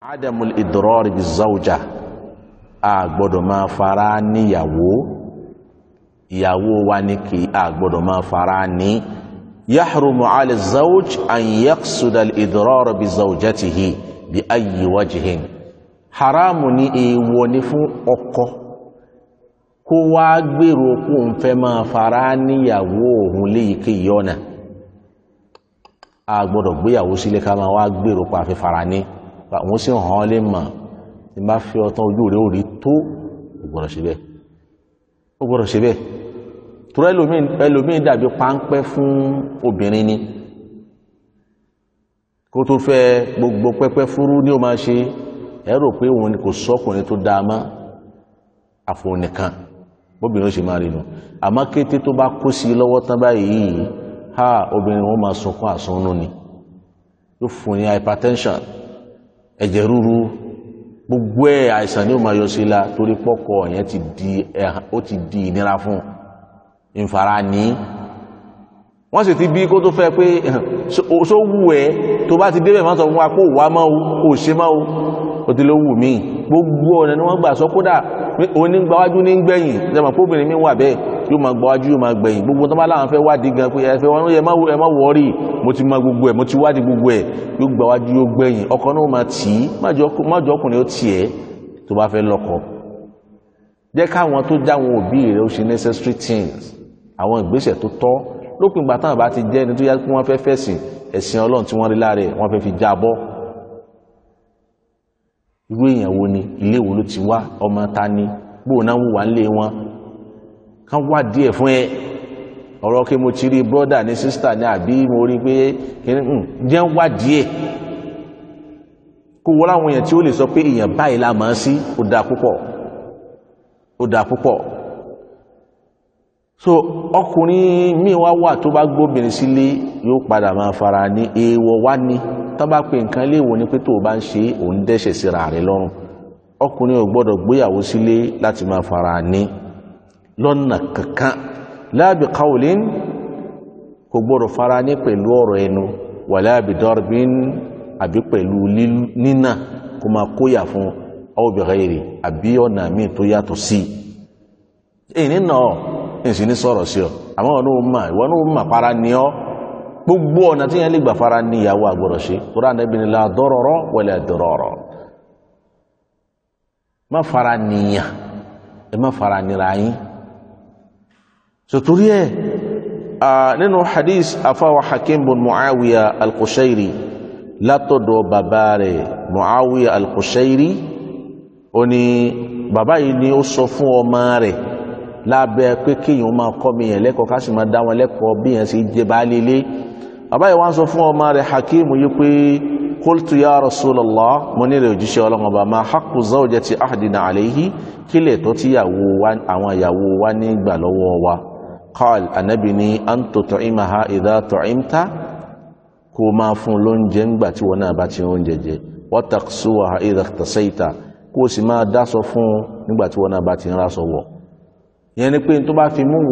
adamul idrori bi zawja a gbọ́dọ̀ máa fara níyàwó ìyàwó wa ni kì í a gbọ́dọ̀ máa fara ní yahrumu ala zawj an yaqsuda al idrori bi zawjatihi bi ayi wajihin haramu ni èèwọ̀ ni fún ọkọ kó wá gbèrò kó n fẹ́ máa fara níyàwó òun léyìíkéyìí ọ̀nà a gbọ́dọ̀ gbéyàwó sílé ká máa wá gbèrò pa fífara ní àwọn sì hàn án lè mà tí bá fi ọtán ojú rẹ ò rí tó ó gbọ́dọ̀ ṣe bẹ́ẹ̀ ó gbọ́dọ̀ ṣe bẹ́ẹ̀ torí ẹlòmíín ẹlòmíín dàbí páńpẹ́ fún obìnrin ni kó tó fẹ́ gbogbo pẹ́pẹ́ fúrú ni ó máa ṣe ẹ rò pé òun kò sọkùnrin tó dáa mọ́ àfọ̀nìkan bóbìnrin ó ṣe máa rí nu àmọ́ kété tó bá kó sí i lọ́wọ́ tán báyìí ha obìnrin wọn máa sunkún àsunnú ni yóò fún ní hypertension ẹ̀jẹ̀ ríru gbogbo ẹ̀ àìsàn ni ó máa yọ sí la torí pọ́kọ yẹn ti di ẹ̀ ó ti di ìnira fún un ìfara ní wọ́n sì ti bí kó tó fẹ́ pé ṣó wù ẹ́ tó bá ti débẹ̀ má sọ fún wa kó wà má o kó ṣe má o ó ti ló wù mí gbogbo ọ̀nà ni wọ́n gbà sọ kódà onígbàwájú ní gbẹ̀yìn ṣe mọ̀ mi wà bẹ́ẹ̀ yóò máa gbọ́wájú yóò máa gbẹ̀yìn gbogbo tó bá láwọn fẹ́ wádìí gan pé ẹ̀fẹ́ wọn ẹ má wọ́ọ̀rì mo ti mọ gbogbo ẹ̀ mo ti wádìí gbogbo ẹ̀ yóò gbọ́wájú yóò gbẹ̀yìn ọkọ náà máa tì í má ọkùnrin ó tiẹ̀ tó bá fẹ́ lọ́kọ jẹ́ káwọn tó já wọn òbí rẹ̀ ó ṣe necessary things àwọn ìgbésẹ̀ tó tọ́ lópin ìgbà táwọn bá ti jẹ́ ẹni tó yá pé wọ́n fẹ́ fẹ̀sìn ẹ̀sìn ọlọ́run tí wọ́n rí lára wọ́n fẹ́ fi já irú èèyàn wo ni ilé wo ló ti wá ọmọ ta ni bóun náà wùwà ńlé wọn kán wá díẹ̀ fún ẹ ọ̀rọ̀ kí mo ti rí brọ́dà ní sísítà ní àbí mo rí pé hmm, jẹ́ ń wá díẹ̀ kó wọ́n láwọn èèyàn tí ó lè sọ pé èèyàn báyìí la máa ń sí ó dáa púpọ̀ ó dáa púpọ̀ so ọkùnrin míì wá wà tó bá gbóbìnrin sílé yóò padà máa fara ní èèwọ̀ wá ní tó bá pe nǹkan léèwọ̀ ni pé tó o bá ń ṣe òun dẹ́ṣẹ̀ síra rẹ̀ lọ́rùn ọkùnrin ò gbọ́dọ̀ gbéyàwó sílé láti máa fara ní lọ́nà kankan láàbì qawlin kò gbọ́dọ̀ fara ní pẹ̀lú ọ̀rọ̀ ẹnu wà láàbì darbin àbí pẹ̀lú nínà kó máa kóyà fún aw bi ghairi àbí ọ̀nà míì tó yàtọ̀ sí i èyí nínà ọ̀ èsì ní sọ̀rọ̀ sí ọ àmọ́ ọ̀nà òun mà ìwọ náà mà para ní ọ gbogbo ọ̀nà tí yẹn lè gbà fara ní ìyàwó àgbọ̀rọ̀ ṣe tó rà níbi nílá dọ́rọ̀rọ̀ wala dọ́rọ̀rọ̀ má fara níyàn ẹ má fara nira yín so torí ẹ̀ nínú hadith afáwọn hakim bin muawiya al-kushairi látọ̀dọ̀ bàbá rẹ̀ muawiya al-kushairi ó ní bàbá yìí ni ó sọ fún ọmọ rẹ̀ lábẹ́ pé kéèyàn máa kọ́ mi yẹn lẹ́kọ̀ọ́ ká sì máa dá wọn lẹ́kọ̀ọ́ bí yẹn sì jẹ baálé ilé bàbá yìí wọ́n sọ fún ọmọ rẹ̀ hakim yìí pé qultu ya rasulallah mo ní rẹ̀ òjíṣẹ́ ọlọ́mọba máa haqqu zawjati ahdina alayhi kílẹ̀ tó tíyàwó àwọn ìyàwó wa nígbà lọ́wọ́ wa. qal Anabini ni anto tu'imaha idha tu'imta kó o máa fún lóúnjẹ ńgbà tí wọn náà bá ti oúnjẹ jẹ wa taqsuha idha iqtasayta kó o sì máa dáṣọ fún un nígbà tí wọn náà bá ti ń ráṣọ wọ̀ yẹn ni pé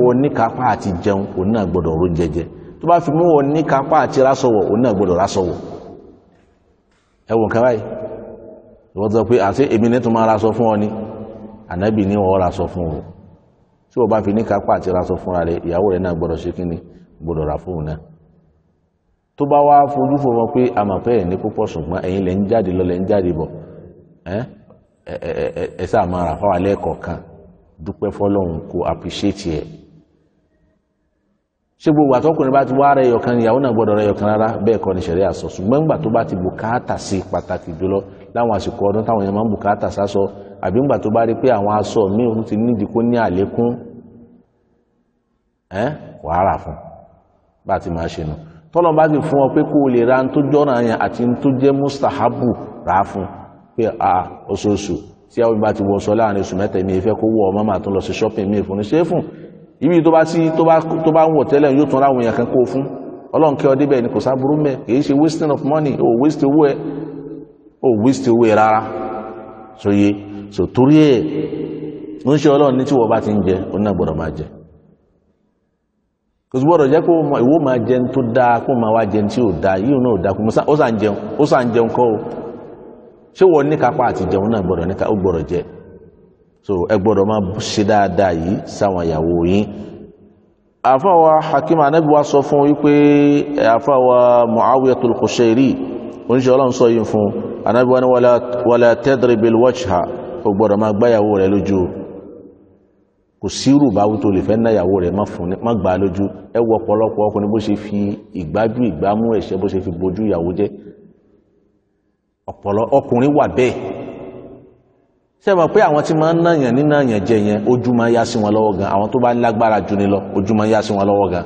wọ níkápá àti jẹun wọ sọ pé àti èmi ní tó ọ ni ànábì ní wọ́n ọ tí wọ́n bá fi ní kápá àti raṣọ fúnra rẹ̀ ìyàwó rẹ̀ náà gbọ́dọ̀ ṣe kíni gbọ́dọ̀ rà fóun náà tó bá wá fojú fò wọn pé àmàfẹ́ ẹ̀ ní púpọ̀ ṣùgbọ́n ẹ̀yin lẹ́ ń jáde lọ lẹ́ ń jáde bọ̀ ẹ sáà máa rà fáwọn alẹ́ kọ̀ọ̀kan dúpẹ́ fọlọ́hún kó àpìṣẹ́tì ẹ̀ ṣé gbogbo àtọkùnrin bá ti wá rẹ ẹyọkan ìyàwó náà gbọ́dọ̀ rẹ ẹyọkan rárá bẹ́ẹ̀ kọ́ ni ṣẹ̀ríà sọ ṣùgbọ́n tó bá ti bùkátà sí pàtàkì jùlọ láwọn àsìkò ọdún táwọn èèyàn máa ń bùkátà sásọ àbí ńgbà tó bá rí pé àwọn aṣọ míì ó ti nídìí kó ní àlékún ẹ wàá rà fún bá a ti máa ṣe nù tọ́lọ́ bá ti fún ọ pé kó o lè ra ní tó jọ́ra yẹn àti ní tó jẹ́ mustahabu rà á fún pé a oṣooṣù tí àwọn ìbá ti wọ sọ láàrin oṣù mẹ́tẹ̀ mi ìfẹ́ kó wọ ọmọ màá tó lọ sí shopping mi ìfúnni ṣé fún ibi tó bá sí tó bá ń wọ̀ tẹ́lẹ̀ yóò tún ráwọn èèyàn kan kó o fún ọlọ́run kí ọ ni kò sáburú mẹ́ kì í ṣe wasting of money o waste owó ẹ ó wíṣítì owó rárá sóye so torí ẹ̀ ń ṣe ọlọ́run ní tí wọ́n bá ti ń jẹ òun náà gbọ́dọ̀ máa jẹ kò sí gbọ́dọ̀ jẹ́ kó ìwọ máa jẹun tó dáa kó máa wá jẹun tí ò dáa yíò náà dáa kó ó sàn jẹun ó sàn jẹun kọ́ o ṣé wọ́n ní kápá àti jẹun náà gbọ́dọ̀ ní ó gbọ́dọ̀ jẹ so ẹ gbọ́dọ̀ máa ṣe dáadáa yìí sáwọn ìyàwó yín àfàwà hakim anabi wa sọ fún wípé àfàwà muawiyatul kushairi oníṣẹ́ ọlọ́run sọ yìí fún un anábí wọn wala tadribil wajha ó gbọ́dọ̀ máa gbáyàwó rẹ̀ lójú kò sírù bá wútó lè fẹ́ náyàwó rẹ̀ má gbà lójú ẹ wọ ọ̀pọ̀lọpọ̀ ọkùnrin bó ṣe fi ìgbájú ìgbámú ẹ̀ṣẹ̀ bó ṣe fi bojú ìyàwó jẹ́ ọ̀pọ̀lọ ọkùnrin wà bẹ́ẹ̀ ṣe mọ̀ pé àwọn tí máa ń náyàn nínú àyànjẹ yẹn ojú máa yá sí wọn lọ́wọ́ gan àwọn tó bá lágbára jù ní lọ ojú máa yá sí wọn lọ́wọ́ gan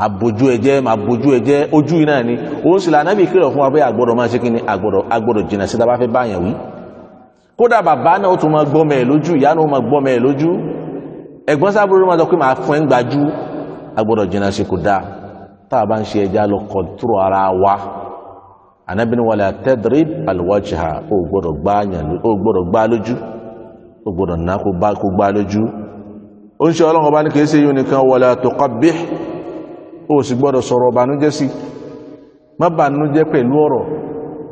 abojú ẹjẹ abojú ẹjẹ ojú iná ni ó sì lànà bí kírọ̀ fún wa pé àgbọ̀dọ̀ máa ṣe kí ni àgbọ̀dọ̀ àgbọ̀dọ̀ jìnnà sí tábà fẹ́ báyàn wí kódà bàbá náà ó tún máa gbọ́mọ ẹ̀ lójú ìyá náà ó máa gbọ́mọ ẹ̀ lójú ẹ̀gbọ́n sábúrò máa sọ pé màá fún ẹ̀ ń gbajú àgbọ̀dọ̀ jìnnà sí kò dáa tá bá ń ṣe ẹja lọ kọ̀ntúrò ara wa anabini wàlẹ̀ àtẹ́dẹ́rẹ́ àlùwọ́jìhà ó gbọ́dọ̀ gbá lójú ó gbọ́dọ̀ ná kó gbá lójú ó ń ṣe ọlọ́run ọba o sì gbọ́dọ̀ sọ̀rọ̀ ọ̀bànújẹ́ sí má bànújẹ́ pẹ̀lú ọ̀rọ̀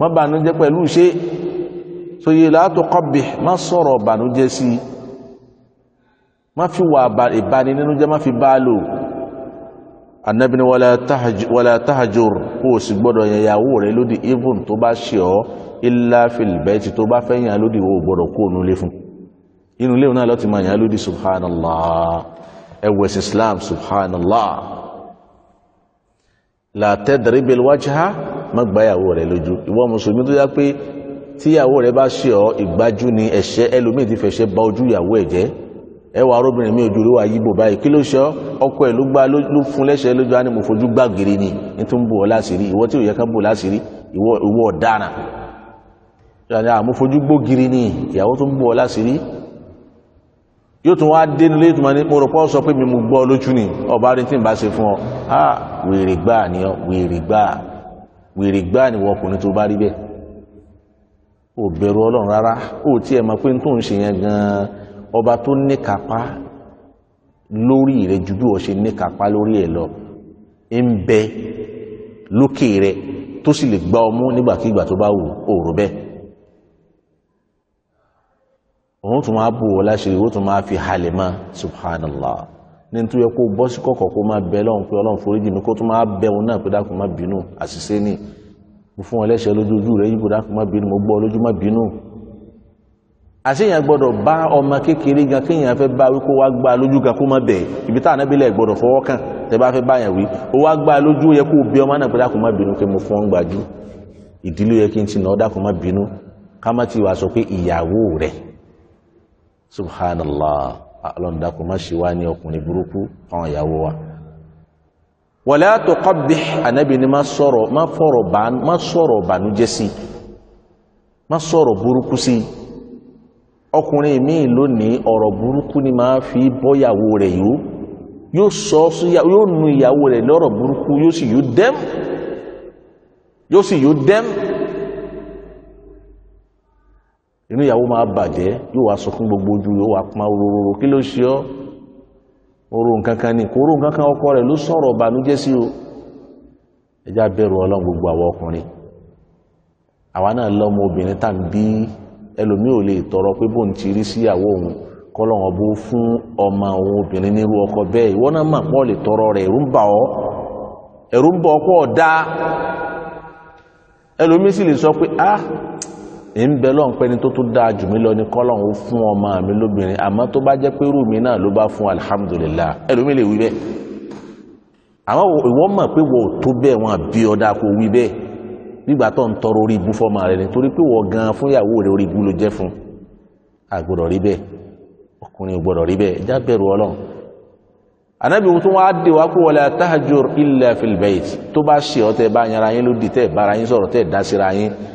má bànújẹ́ pẹ̀lú ṣe sòye látò kọ́bì má sọ̀rọ̀ ọ̀bànújẹ́ sí má fi wà ìbani nínú jẹ́ má fi bá lò Ànábì ní wàlá tahajur o sì gbọ́dọ̀ yẹn ìyàwó rẹ lódì even tó bá ṣe ọ́ ilá filibẹ́ẹ̀tì tó bá fẹ́ yàn lódì o gbọ́dọ̀ kó onú lé fún inú léwu náà lọ́ọ́ máa yàn lódì subhanallah ẹ̀wẹ̀sì islam subhanallah la tadribil wajha má gbáyàwó rẹ lójú ìwọ mùsùlùmí tó yá pé tíyàwó rẹ bá ṣe ọ ìgbájú ni ẹ̀ṣẹ̀ ẹlòmíì ti fẹ̀ṣẹ̀ bà ojú ìyàwó ẹ̀ jẹ́ ẹ wà arúbìnrin mi ojú olúwa yíbo báyìí kí ló ṣe ọkọ ẹ̀ ló gbá ló fún lẹ́ṣẹ̀ lójú á ní mo fojú gbàgìrì ni ní tó ń bò ọ láṣìírí ìwọ tí ò ká bò láṣìírí ìwọ ọ̀daràn yàrá mo fojú gbógiri ni ìyàwó tó ń bò ọ láṣìírí yóò tún wá dénú lé tó máa ní mo rò pọ́ sọ pé mi mo gbọ́ lójú ni ọba rí tí n bá ṣe fún ọ á wèrè gbáà ni ọ wèrè gbáà wèrè gbáà ni wọ́n ọkùnrin tó bá rí bẹ́ẹ̀ ò bẹ̀rù ọlọ́run rárá ó tiẹ̀ mọ̀ pé n tó ń ṣe yẹn gan-an ọba tó níkàpá lórí rẹ ju bí wọ́n ṣe níkàpá lórí ẹ̀ lọ ń bẹ lókè rẹ tó sì lè gbá ọmú nígbàkigbà tó bá wù ó rò bẹ́ẹ̀ òun tún máa bò wọ́n láṣẹ ìwọ́n tún máa fi halẹ̀ mọ́ subhanallah ní nítorí ẹ kó bọ́ sí kọ̀kọ̀ kó máa bẹ lọ́hùn pé ọlọ́run foríjì mi kó tún máa bẹ òun náà pé dákun má bínú àṣìṣe ni mo fún ọ lẹ́sẹ̀ lójoojú rẹ yíbo dákun má bínú mo gbọ́ ọ lójú má bínú. àṣeyàn gbọ́dọ̀ bá ọmọ kékeré gan kéèyàn fẹ́ bá wí kó wá gbá lójú gan kó má bẹ̀ ibi táwọn anábìlẹ̀ gbọ́dọ̀ fọwọ́ kàn tẹ́ bá fẹ́ báyàn wí ó wá gbá lójú yẹ kó bẹ ọmọ náà pé dákun má bínú pé mo fún ọ gbàjú ìdílé yẹ kí n ti nà ọ dákun má bínú ká má ti wàá pé ìyàwó rẹ̀ subhanallah alọ́ndàkùn má ṣe wá ní ọkùnrin burúkú àwọn ìyàwó wa wala tuqabbih ànábì ni má sọ̀rọ̀ má fọ̀rọ̀ má sọ̀rọ̀ bànújẹ́ sí má sọ̀rọ̀ burúkú sí ọkùnrin míì lónìí ọ̀rọ̀ burúkú ni máa fi bọ́yàwó rẹ̀ yó yóò sọ yóò nu ìyàwó rẹ̀ lọ́rọ̀ burúkú yóò sì yó dẹ́m yóò sì yó dẹ́m inú ìyàwó máa bàjẹ́ yóò wá sọ fún gbogbo ojú yóò wá pọn rororo kí ló ṣe ọ́ oró nǹkan kan ní ọkọ rẹ ló sọ̀rọ̀ bànújẹ́ o ẹjá bẹ̀rù ọlọ́run gbogbo àwọn ọkùnrin àwa náà lọ́mọ obìnrin tá à ń bí ẹlòmíì ò lè tọrọ pé bóun ti rí òun bó fún ọmọ òun obìnrin nírú ọkọ bẹ́ẹ̀ ìwọ náà mà tọrọ rẹ̀ ẹ̀rù ń bà ọ́ ń bà sọ pé ah ń bẹ lọ́n pẹ́ni tó tó dáa jù mí lọ ní kọ́lọ́n ó fún ọmọ mi lóbìnrin àmọ́ tó bá jẹ́ pé irú mi náà ló bá fún alihamudulilayi ẹlòmí lè wí bẹ́ẹ̀ àmọ́ ìwọ mọ̀ pé wọ́n ò tó bẹ́ẹ̀ wọn àbí ọ̀dà kò wí bẹ́ẹ̀ nígbà tó ń tọrọ orí ibú fọmọ rẹ ni torí pé wọ́n gan fúnyàwó rẹ orí ibú ló jẹ́ fún àgbọ̀dọ̀ rí bẹ́ẹ̀ ọkùnrin ò rí bẹ́ẹ̀ já bẹ̀rù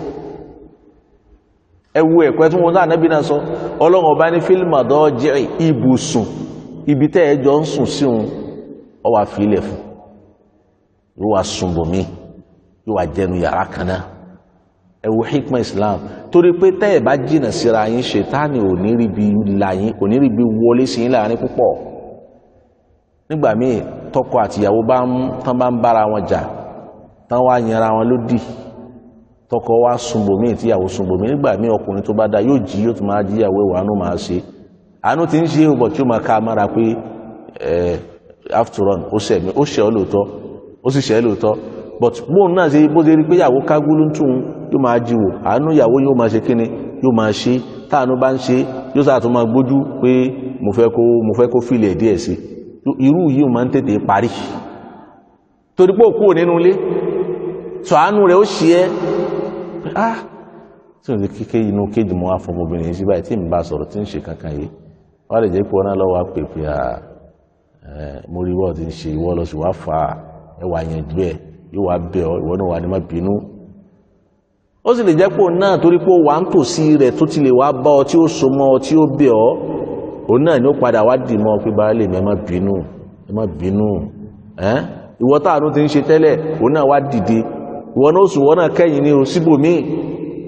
ẹwu ẹ̀kọ́ tí wọ́n lánàá bí náà sọ ọlọ́run ọba ní fílmù ibùsùn ibi tẹ́ ẹ jọ ń sùn sí òun ọ wà fún yóò wá sùn jẹnu yàrá kan náà hikma islam torí pé tẹ́ ẹ bá jìnnà síra yín ṣètánì oníribi làyín oníribi wọlé sí yín láàrin nígbà míì bá ń wọn jà tán wá wọn lódì tọkọ wa sunbomi tíyàwó sunbomi nígbà míì ọkùnrin tó bá da yóò jí yóò tún máa jíyàwó ẹwà àánú máa ṣe àánú ti ń ṣe ọbọ ó máa ká amára pé after ó mi ó lóòótọ́ ó sì lóòótọ́ but bóun náà ṣe bó ṣe rí pé ìyàwó kágúlú tún yóò máa jíwò àánú ìyàwó yóò máa ṣe kíni yóò máa ṣe táànú bá ń ṣe yóò sáà tún máa gbójú pé mo fẹ́ kó mo fẹ́ kó fìlẹ̀ díẹ̀ ah tí o lè kíké inú kéjì mọ́ afọmọbìnrin yìí sí tí bá sọ̀rọ̀ tí n ṣe kankan yìí wọ́n lè jẹ́ pé ọ̀nà lọ́wọ́ pèpè à mo rí ṣe ìwọ́ lọ sí wàá fà ẹwà yẹn jù yóò wá náà wà ní má bínú. ó sì lè jẹ́ pé òun náà torí ti lè wá ọ tí ó so ọ tí ó òun náà ni ó padà wá dì mọ́ ọ wọn ó sùn wọn náà kẹ́yìn ní síbò míì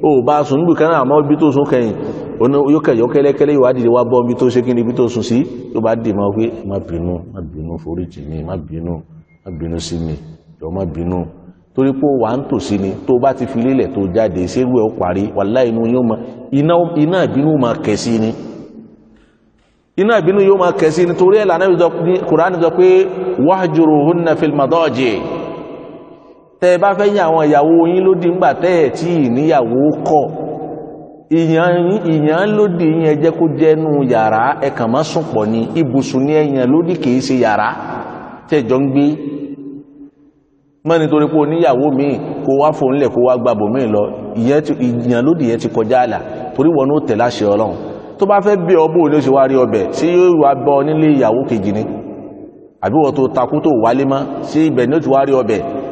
o bá sùn níbi kan ibi tó sùn kẹ́yìn yóò kẹ́lẹ́kẹ́lẹ́ wá ibi tó ṣe ni ibi tó sùn sí yóò bá dì máa wí má bínú má bínú mi má bínú má bínú sí mi yọ má bínú torí pé wà á ń tòsí ni tó bá ti fi lélẹ̀ tó jáde ẹ̀ ó parí inú yóò iná ìbínú máa kẹ̀ sí ni iná ìbínú yóò máa tẹ bá fẹ́ yín àwọn ìyàwó yín lódì ńgbà tẹ́ ẹ̀ tí ìníyàwó kọ̀ ìyàn lódì yín ẹ jẹ́ kó jẹ́nu yàrá ẹ kàn má sùn pọ̀ ní ibùsùn ní ẹ̀yàn lódì kìí ṣe yàrá tẹ̀jọ́ ń gbé mọ́ nítorí pé oníyàwó míì kó wá fòun lẹ̀ kó wá gba bòmí lọ ìyàn lódì yẹn ti kọjá àlà torí wọn ó tẹ̀ láṣẹ ọlọ́run tó bá fẹ́ bí ọbọ̀ ní oṣù wá rí ọbẹ̀ sí yóò wá bọ nílé àbí wọ́n tó takú tó wálé mọ́ sí ibẹ̀ ní oṣù wá rí ọbẹ̀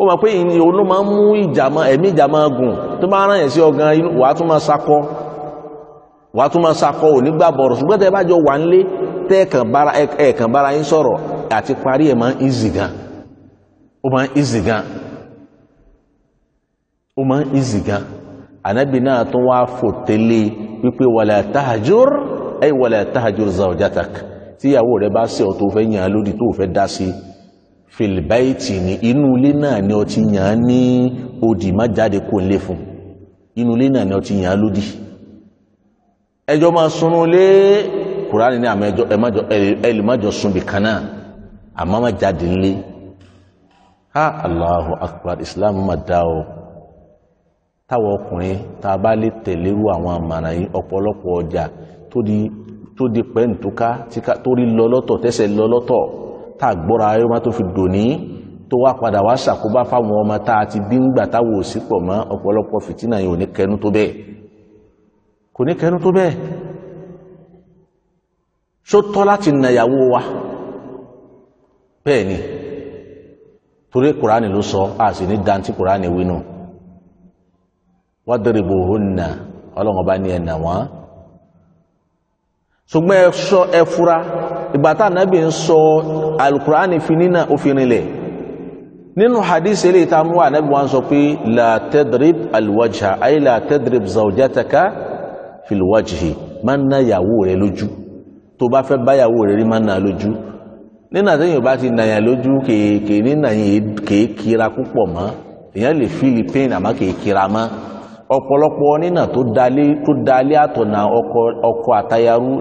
ó mọ̀ pé ìyìn òun ló máa ń mú ìjàmọ́ ẹ̀mí ìjàmọ́ gùn tó bá rán yẹn sí ọgàn wà á tún máa sakọ wà á tún máa sakọ òní gbà bọ̀rọ̀ ṣùgbọ́n tẹ́ bá jọ wà ń lé tẹ́ ẹ̀kàn bára yín sọ̀rọ̀ àti parí ẹ̀ máa ń easy gan ó máa ń easy gan ó máa ń easy gan ànábì náà tún wá fòtélé wípé wàlẹ̀ àtàjọ́r ẹ̀ wàlẹ̀ àtàjọ́r zàwùjátàk tíyàwó rẹ̀ bá ṣe ọ̀ tó fẹ́ yàn án lódì tó fẹ́ dá sí i filibaiti ni inú ilé náà ni ó ti yàn án ní odi má jáde kó ń lé fún inú ilé náà ni ó ti yàn án lódì ẹjọ́ máa sunrun lé kùránì ní àmọ́ ẹjọ́ ẹlẹ́mọ́jọ́ sùn bìkan náà àmọ́ má jáde ńlé ha allahu akbar islam ma da o táwọn ọkùnrin tá a bá lè tẹ̀lérú àwọn àmàrà yìí ọ̀pọ̀lọpọ̀ ọjà tó di pẹ́ǹtúká tó rí lọ lọ́tọ̀ tẹ́sẹ̀ lọ lọ́tọ̀ tá a gbọ́ra ayé wọn tó fi dòní tó wá padà wá ṣàkóbá fáwọn ọmọ tá a ti bí ń gbà táwọn ò sí pọ̀ mọ́ ọ̀pọ̀lọpọ̀ fìtínà yìí ò ní kẹnu tó bẹ́ẹ̀ kò ní kẹnu tó bẹ́ẹ̀ ṣó tọ́ láti nàyàwó wa bẹ́ẹ̀ ni torí kùránì ló sọ a sì ní dantí kùránì wínú wadribuhunna ọlọ́run ọba ní ẹ̀nà wọn ṣùgbọ́n ẹ sọ ẹ fura ìgbà tá ànábì ń sọ alukur'ani fi nínà òfin rinlẹ̀ nínú hadith eléyìí tá a mú ànábì wọn sọ pé la tadrib alwajha ayé la tadrib zawjataka filwajhi máa ń ná ìyàwó rẹ lójú tó bá fẹ́ báyàwó rẹ rí máa ń ná lójú nínú àtẹ̀yìn bá ti nàyà lójú kèèké nínà yìí kèékira púpọ̀ mọ́ èèyàn lè fíìlì àmọ́ kèékira mọ́ ọ̀pọ̀lọpọ̀ nínà tó dalé àtọ̀nà ọkọ àtayarú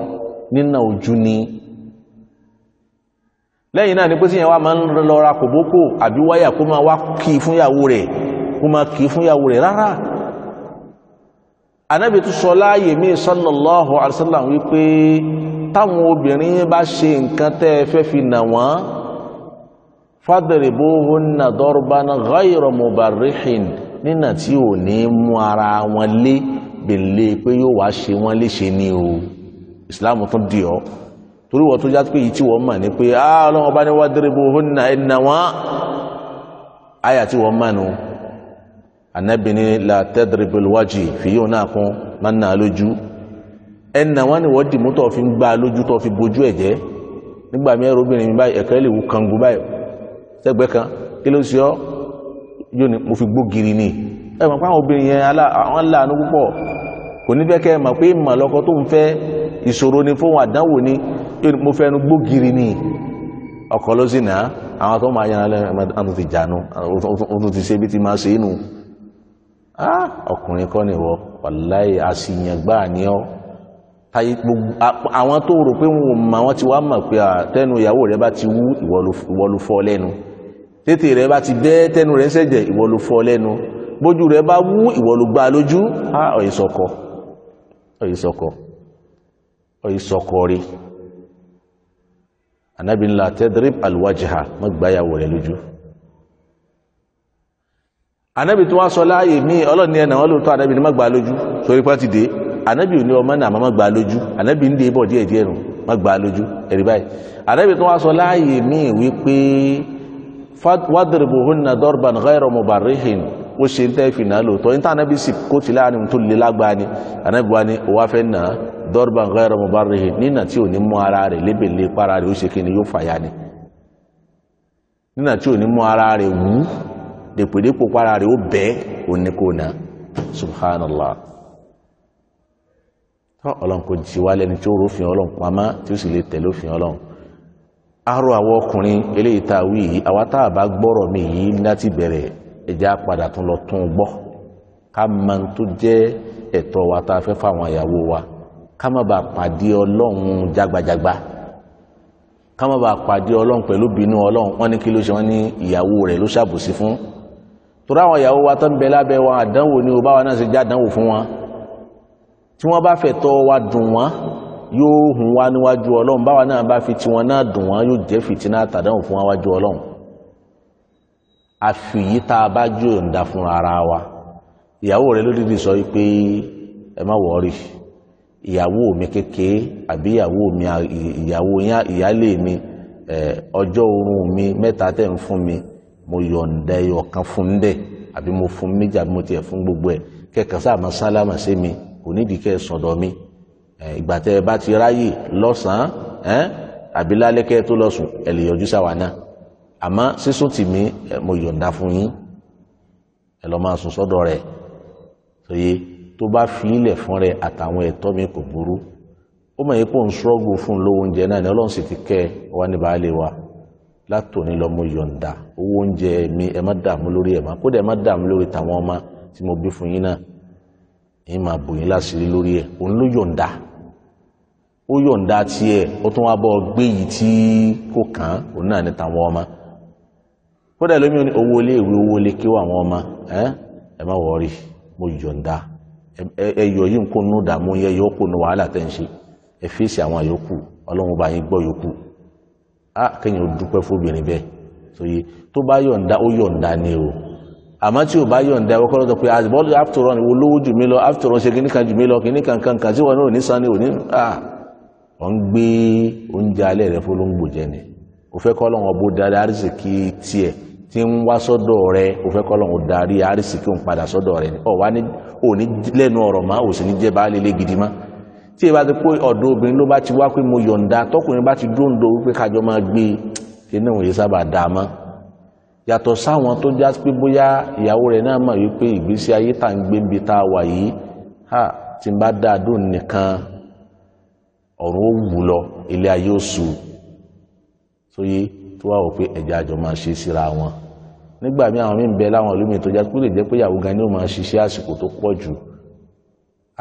nínà ojú ni lẹ́yìn náà ni pé tíyẹn wá máa ń lọ ra kòbókò àbí wáyà kó máa wá kí i fúnyàwó rẹ̀ kó máa kí i fúnyàwó rẹ̀ rárá anábì tún sọ láàyè mí sallallahu alaihi wasallam wípé táwọn obìnrin bá ṣe nǹkan tẹ́ ẹ fẹ́ fi nà wọ́n fadribuhunna darban ghayra mubarrihin nínà tí ò ní mú ara wọn lé bèlè pé yóò wá ṣe wọ́n léṣe ni o ìsìláàmù tún dì ọ́ torí wọ́n tó já pé yìí wọ́n mọ̀ ah, ní pé ọlọ́wọ́ bá ní wá dẹ́rẹ́bù húnna tí wọ́n nù la tadribu alwaji fi yóò náà kún máa nà lójú ni wọ́n di mú tó fi ń lójú tó fi nígbà mi ẹ̀rọ obìnrin mi báyìí ẹ̀kẹ́ lè wú kangu báyìí kan kí ló ń sọ yóò ní mo fi gbó giri ni ẹ mọ̀ pé obìnrin yẹn àwọn púpọ̀ kò ní fẹ́ kẹ́ mọ̀ mo fẹ́ nu gbógiri ni ọkọ̀ ló sì náà àwọn tó máa yára lẹ́nu àwọn ti jànú àwọn tó ti ṣe bí ti máa ṣe inú ah, ọkùnrin kọ́ nìwọ wàláì àṣìyàngbà ni ọ́ àwọn tó rò pé wọn ò mọ àwọn ti wá mọ̀ pé tẹnu ìyàwó rẹ bá ti wú ìwọ ló lẹ́nu tètè rẹ bá ti bẹ́ tẹnu rẹ ń ṣẹ̀jẹ̀ ìwọ lẹ́nu bójú rẹ bá wú ìwọ lójú ah, ọ̀yìn sọ̀kọ̀ ọ̀yìn sọ̀kọ̀ ọ̀yìn sọ̀kọ̀ rí anabi ńlá tẹ́dírib alwajiha mọ́gbáyàwó rẹ̀ lójú anabi tí wọ́n sọ láàyè mí ọlọ́ni ẹ̀nà wọn lóòótọ́ anabi ní mọ́gbà lójú sórí pátì dé anabi ò ní ọmọ náà mọ́gbà lójú anabi ń dé bọ̀ díẹ̀ díẹ̀ nù mọ́gbà lójú ẹ̀rí báyìí anabi tí wọ́n sọ láàyè mí wípé wadribuhunna dorban ghayra mubarihin ó ṣe ń tẹ́ fi lóòótọ́ ní tí anabi sì kó ti láàrin tó le lágbára ni anabi wa ni òwa fẹ́ náà dọ́rọ̀bà ghayra mubarrihin nínà tí ò ní mú ara rẹ̀ lébèlé para rẹ̀ ó ṣe kí ni yóò fàyà ni nínà tí ò ní mú ara rẹ̀ wú dèpèdépò para rẹ̀ ó bẹ́ oníkóná subhanallah tọ́ ọlọ́run kò jí wá lẹ́ni tí ó rófin ọlọ́run pamá tí ó sì lè tẹ̀lé òfin ọlọ́run arọ àwọn ọkùnrin eléyìí tá a wí yìí àwa tá a bá gbọ́rọ̀ mi yìí láti bẹ̀rẹ̀ ẹ̀já padà tún lọ tún gbọ́ ká máa tó jẹ́ ẹ̀tọ́ wa tá a fẹ́ fáwọn ìyàwó wa ká má bàa pàdé ọlọ́run jágbajàgba ká má bàa pàdé ọlọ́run pẹ̀lú bínú ọlọ́run wọ́n ní kí ló ṣe wọ́n ní ìyàwó rẹ̀ ló ṣàbòsí fún torí àwọn ìyàwó wa tó ń bẹ lábẹ́ wa àdánwò ni o báwa náà ṣe já àdánwò fún wọn tí wọ́n bá fẹ́ tọ́ wa dùn wọ́n yóò hùn wá níwájú ọlọ́run báwa náà bá fi tiwọn náà dùn wọ́n yóò jẹ́ fìtínà àtàdánwò fún wa wájú ọlọ́run àfìyí tá a bá ń da fún ara wa ìyàwó rẹ̀ ló dìde sọ pé ẹ má wọrí ìyàwó mi kékeré àbí ìyàwó mi ìyàwó ìyálé mi eh, ọjọ́ oorun mi mẹ́ta tẹ̀ ń fún mi mo yọ̀ǹda ẹyọ kan fún un dẹ̀ àbí mo fún méjì àbí mo tiẹ̀ fún gbogbo ẹ̀ kẹ́kẹ́ sáà máa sálámà sí mi kò nídìí kẹ́ ẹ sọ̀dọ̀ mi eh, ìgbà tẹ́ ẹ bá ti ráyè lọ́sàn-án eh, àbí lálẹ́ kẹ́ ẹ tó lọ ẹ lè yọjú sáwa náà àmọ́ sísùn tì mo yọ̀ǹda fún yín ẹ lọ́ máa sùn sọ́dọ̀ rẹ̀ tó yé. So, tó bá fi ilẹ̀ fún rẹ àtàwọn ẹ̀tọ́ mi kò burú ó mọ̀ yìí pò ń ṣọ́ọ̀gù fún lówó oúnjẹ náà ni ọlọ́run sì ti kẹ́ ẹ wá ní baálé wa látòní lọ mo yọ̀ǹda owó oúnjẹ mi ẹ má dààmú lórí ẹ̀ má kódà ẹ má dààmú lórí tàwọn ọmọ tí mo bí fún yín náà yín máa bò yín láṣìírí lórí ẹ̀ òun ló yọ̀ǹda ó yọ̀ǹda tiẹ̀ ó tún wá bọ́ gbé yìí tí kò kàn án òun náà ni tàwọn ọmọ lómi owó ilé ìwé owó ilé àwọn ọmọ má mo yọ̀ǹda ẹ yọ yìí kó nù dààmú yẹ yọ kó nù wàhálà tẹ̀ ń ṣe ẹ fèsì àwọn yòókù ọlọ́run bá yín gbọ́ yòókù á kẹ́yìn ó dúpẹ́ fóbìnrin bẹ́ẹ̀ sóye tó bá yọ̀ǹda ó yọ̀ǹda ni o àmọ́ tí o bá yọ̀ǹda ẹ kọ́lọ́dọ̀ pé àbọ̀lù ah, after all wo jù mí lọ after ṣe kíní kan jù mí lọ kíní kan kan kan tí wọn ò ní san ni ò ní à ọ ah, ń gbé oúnjẹ alẹ́ rẹ fọlọ́ngbò jẹ ni kò tí ń wá sọ́dọ̀ rẹ òfẹ́ kọ́lọ́hún darí àrísìkí òun padà sọ́dọ̀ rẹ ọ̀ wá ní òní lẹ́nu ọ̀rọ̀ má òsì ní jẹ́ baálé ilé gidi má tí ẹ bá ti pé ọ̀dọ̀ obìnrin ló bá ti wá pé mo yọ̀ǹda tọkùnrin bá ti dóńdó wípé kájọ máa gbé e ṣe náà òye sábà dáa mọ́ yàtọ̀ sáwọn tó já pé bóyá ìyàwó rẹ̀ náà mọ̀ wípé ìgbésí ayé tá à ń gbé níbi tá a wà yìí ha tí n bá dáa dùn nìkan ọ̀rọ̀ wù lọ ilé ayé ó sùn tó wà wò pé ẹ̀jẹ̀ àjọ máa ṣe síra wọn nígbà míì àwọn míì ń bẹ láwọn ìlú mi tó jẹ́ pé lè jẹ́ pé ìyàwó gan ni ó máa ṣiṣẹ́ àsìkò tó pọ̀ jù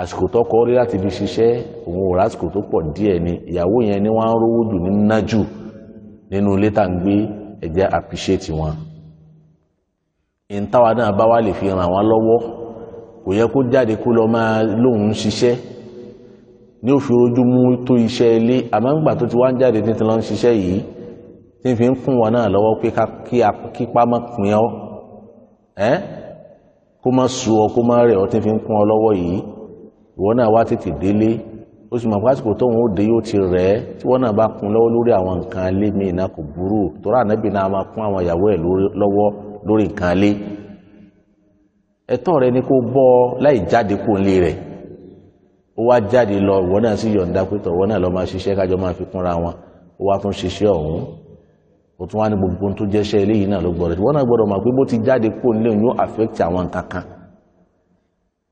àsìkò tọkọ rí láti fi ṣiṣẹ́ òun ò rásìkò tó pọ̀ díẹ̀ ni ìyàwó yẹn ni wọ́n á rówó dùn ní nájù nínú ilé tá à ń gbé ẹ̀jẹ̀ àpìṣẹ́tì wọn ìntàwa náà bá wà lè fi ràn wọ́n lọ́wọ́ kò yẹ kó jáde kó lọ máa lóun ṣiṣẹ́ ní òfin ojú tó iṣẹ́ ilé àmọ́ ńgbà tó ti wá ń jáde títí lọ ń ṣiṣẹ́ yìí tí n fi ń kún wọn náà lọ́wọ́ pé kí pamọ́ pin ọ́ ẹ́ kó má su ọ kó má rẹ̀ ọ́ tí n fi ń kún ọ lọ́wọ́ yìí ìwọ náà wá tètè délé ó sì mọ̀ pásítọ̀ tóun ó dé yóò ti rẹ̀ ẹ́ tí wọ́n náà bá kún lọ́wọ́ lórí àwọn nǹkan alé mi iná kò burú torí ànábì náà máa kún àwọn ìyàwó ẹ̀ lọ́wọ́ lórí nǹkan alé ẹ̀tọ́ rẹ ni kó bọ́ láì jáde kó ń lé rẹ̀ ó wá jáde lọ ìwọ náà sì yọ̀ǹda pé tọ̀ náà lọ máa ṣiṣẹ́ kájọ máa fi kúnra wọn ó wá tún ṣiṣẹ́ ọ̀hún ó tún wá ní gbogbo tó jẹ́ṣẹ́ eléyìí náà ló gbọ́dọ̀ wọ́n náà gbọ́dọ̀ mọ̀ pé bó ti jáde kó nílé òun yóò affect àwọn nǹkan kan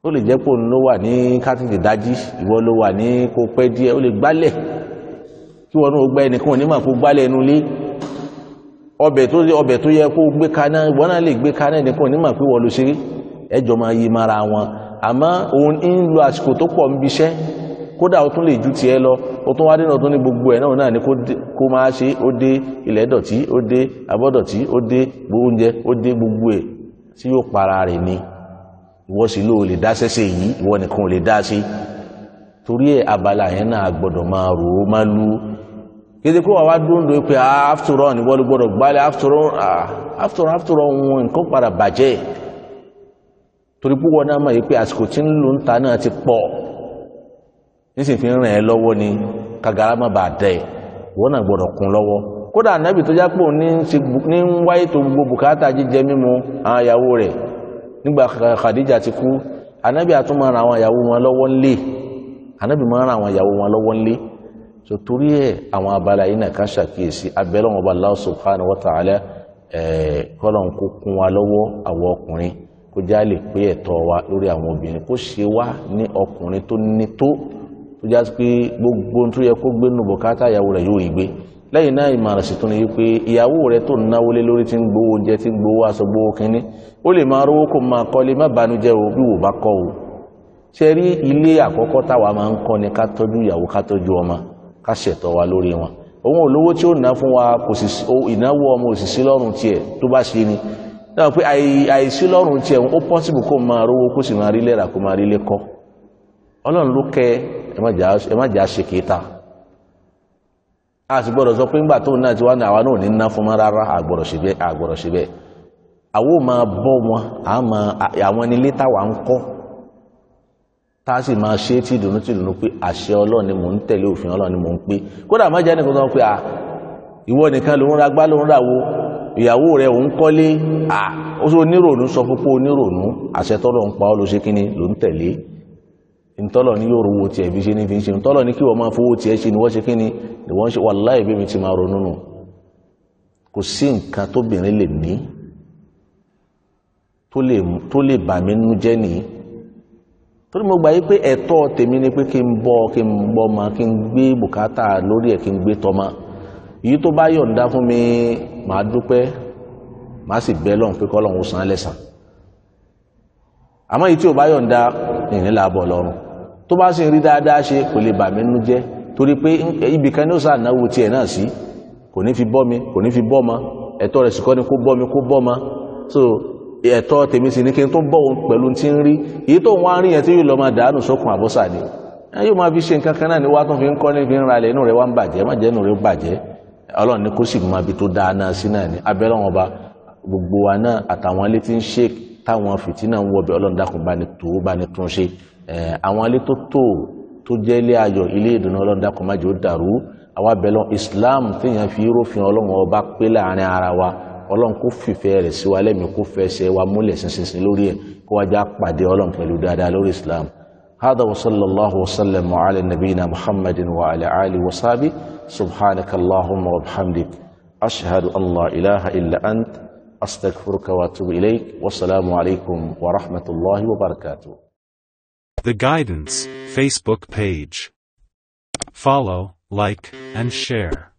ó lè jẹ́ pé òun ló wà ní kátìndì dájí ìwọ ló wà ní kó pẹ́ díẹ̀ ó lè gbálẹ̀ kí wọn náà gbá ẹnìkan ò ní mà kó gbálẹ̀ ẹnu lé ọbẹ̀ tó ọbẹ̀ tó yẹ kó gbé kaná ìwọ náà lè gbé kaná ẹnìkan ò ní mà pé wọ́n ló ṣeré ẹjọ́ máa yí mara wọn àmọ́ òun ń lo àsìkò tó pọ̀ ń biṣẹ́ kódà ó tún lè ju tiẹ̀ lọ ó tún wá dé náà tó ní gbogbo ẹ̀ náà náà ni kó máa ṣe ó dé ilẹ̀ dọ̀tí ó dé abọ́dọ̀tí ó dé oúnjẹ ó dé gbogbo ẹ̀ tí yóò para rẹ̀ ni ìwọ sì ló lè dá sẹ́sẹ̀ yìí ìwọ nìkan lè dá sí torí ẹ̀ abala yẹn náà gbọ́dọ̀ máa rò ó máa lu kéde kó wà wá dóńdó pé ah, after all ìwọ ló gbọ́dọ̀ gbálẹ̀ ah, after all after all after nǹkan padà bàjẹ́ torí púpọ̀ náà mọ̀ yìí pé àsìkò tí ń lò ń ta náà ti pọ̀ nísìnyí fi ń ràn ẹ́ lọ́wọ́ ni kàgàrà má bàa dẹ̀ ẹ́ wọ́n náà gbọ́dọ̀ kún lọ́wọ́ kódà ànábì tó jápò ní ń wáyé tó gbogbo bùkátà jíjẹ mímu àwọn ìyàwó rẹ̀ nígbà Khadija ti kú ànábì àtún máa àwọn ìyàwó wọn lọ́wọ́ ńlé ànábì máa ran àwọn ìyàwó wọn lọ́wọ́ ńlé tó torí ẹ̀ àwọn abala yìí náà ṣàkíyèsí abẹ́lẹ́ ọba Allah subhanahu wa ta'ala ẹ̀ kọ́lọ̀ ń kó kún wa lọ́wọ́ àwọn ọkùnrin kó já lè pé ẹ̀tọ́ wa lórí àwọn obìnrin kó ṣe wá ní ọkùnrin tó ní tó tó já sí pé gbogbo tó yẹ kó gbé nùbọ̀ káàtà ìyàwó rẹ̀ yóò gbé lẹ́yìn náà ìmọ̀ràn sì tún ni wípé ìyàwó rẹ̀ tó náwó lé lórí tí ń gbowó oúnjẹ tí ń gbowó aṣọ gbowó kínní ó lè máa rówó kó máa kọ́lé má banújẹ́ o bí wò bá kọ́ o ṣe rí ilé àkọ́kọ́ táwa máa ń kọ́ ni ká tọ́jú ìyàwó ká tọ́jú ọmọ ká ṣẹ̀tọ́ wa lórí wọn òun olówó tí ó ná fún wa ìnáwó ọmọ òṣìṣẹ́ lọ́rùn tiẹ̀ tó bá ṣe ni náà pé àìsí lọ́rùn tiẹ̀ ó pọ́sibù kó máa rówó kó sì máa rí lẹ́ra kó máa rí lẹ́kọ́ ọlọ́run ló kẹ́ ẹ má jà á ṣe kéta a sì gbọ́dọ̀ sọ pé ńgbà tóun náà ti wá ní àwa náà ní ná fún mọ́ rárá àgbọ̀rọ̀ ṣe bẹ́ẹ̀ àgbọ̀rọ̀ ṣe bẹ́ẹ̀ àwo máa bọ́ wọn àwọn ẹni létà wà ń kọ́ tá a sì máa ṣe tí ìdùnnú tí ìdùnnú pé àṣẹ Ọlọ́run ni mò ń tẹ̀lé òfin Ọlọ́run ni mò ń pé kódà má jẹ́ nìkan tó ń pè à ìwọ nìkan ló ń ra gbá ló ń ra wo ìyàwó rẹ òun kọ́lé à ó sọ oníròònú sọ fún pé oníròònú àṣẹ tọ́lọ́ ń pa ọ́ ló ṣe kínní ló ń tẹ̀lé ntọ́lọ̀ ní yóò rówó tiẹ̀ bí ṣe ní fi ṣe ntọ́lọ̀ ní kí wọ́n máa fowó tiẹ̀ ṣe ni wọ́n ṣe kí ni ni wọ́n ṣe wàláì bí mi ti máa ronú nù kò sí nǹkan tóbìnrin lè ní tó lè bà mí nú jẹ́ nìyí torí mo gbà yí pé ẹ̀tọ́ tèmi ni pé kí n bọ́ kí n bọ́ ma kí n gbé bùkátà lórí ẹ̀ kí n gbé tọ́ma èyí tó bá yọ̀ǹda fún mi màá dúpẹ́ màá sì bẹ́ lọ́n pé kọ́ lọ́n ó san án lẹ́sàn àmọ́ èyí tí ò bá yọ̀ǹda ìnílà bọ̀ lọ́rùn tó bá sì ń rí dáadáa ṣe kò lè bà mí nínú jẹ́ torí pé ibì kan ní ó sàánáwó tiẹ̀ náà sí kò ní fi bọ́ mi kò ní fi bọ́ ma ẹ̀tọ́ rẹ̀ sì kọ́ ni kó bọ́ mi kó bọ́ ma so ẹ̀tọ́ tèmi sì ní kí n tó bọ́ òun pẹ̀lú tí ń rí èyí tó ń wá rí yẹn tí yóò lọ máa dàánù sókun àbọ́sà ni yóò máa fi ṣe nǹkan kan náà ni wá tó fi ń kọ́ ní fi ń ra ilẹ̀ inú rẹ̀ wá ń bàjẹ́ má jẹ́ inú rẹ̀ bàjẹ́ ọlọ́run ni kó sì máa bi tó dáa náà sí náà ni abẹ́rẹ́ ba gbogbo wa náà àtàwọn ilé tí ń ṣe táwọn fìtínà àwọn ilé tó tó tó jẹ́ ilé ayọ̀ ilé ìdùnnú ọlọ́run dákun má jẹ́ ó dàrú àwa bẹ̀lọ́ islam téèyàn fi rófin ọlọ́run ọba pé láàrin ara wa ọlọ́run kó fìfẹ́ rẹ̀ sí wa lẹ́mìí kó fẹsẹ̀ wa múlẹ̀ ṣinṣin lórí ẹ̀ kó wá já pàdé ọlọ́run pẹ̀lú dáadáa lórí islam هذا وصلى الله وسلم على نبينا محمد وعلى آله وصحبه سبحانك اللهم وبحمدك أشهد أن لا إله إلا أنت أستغفرك وأتوب إليك والسلام عليكم ورحمة الله وبركاته The Guidance Facebook page. Follow, like, and share.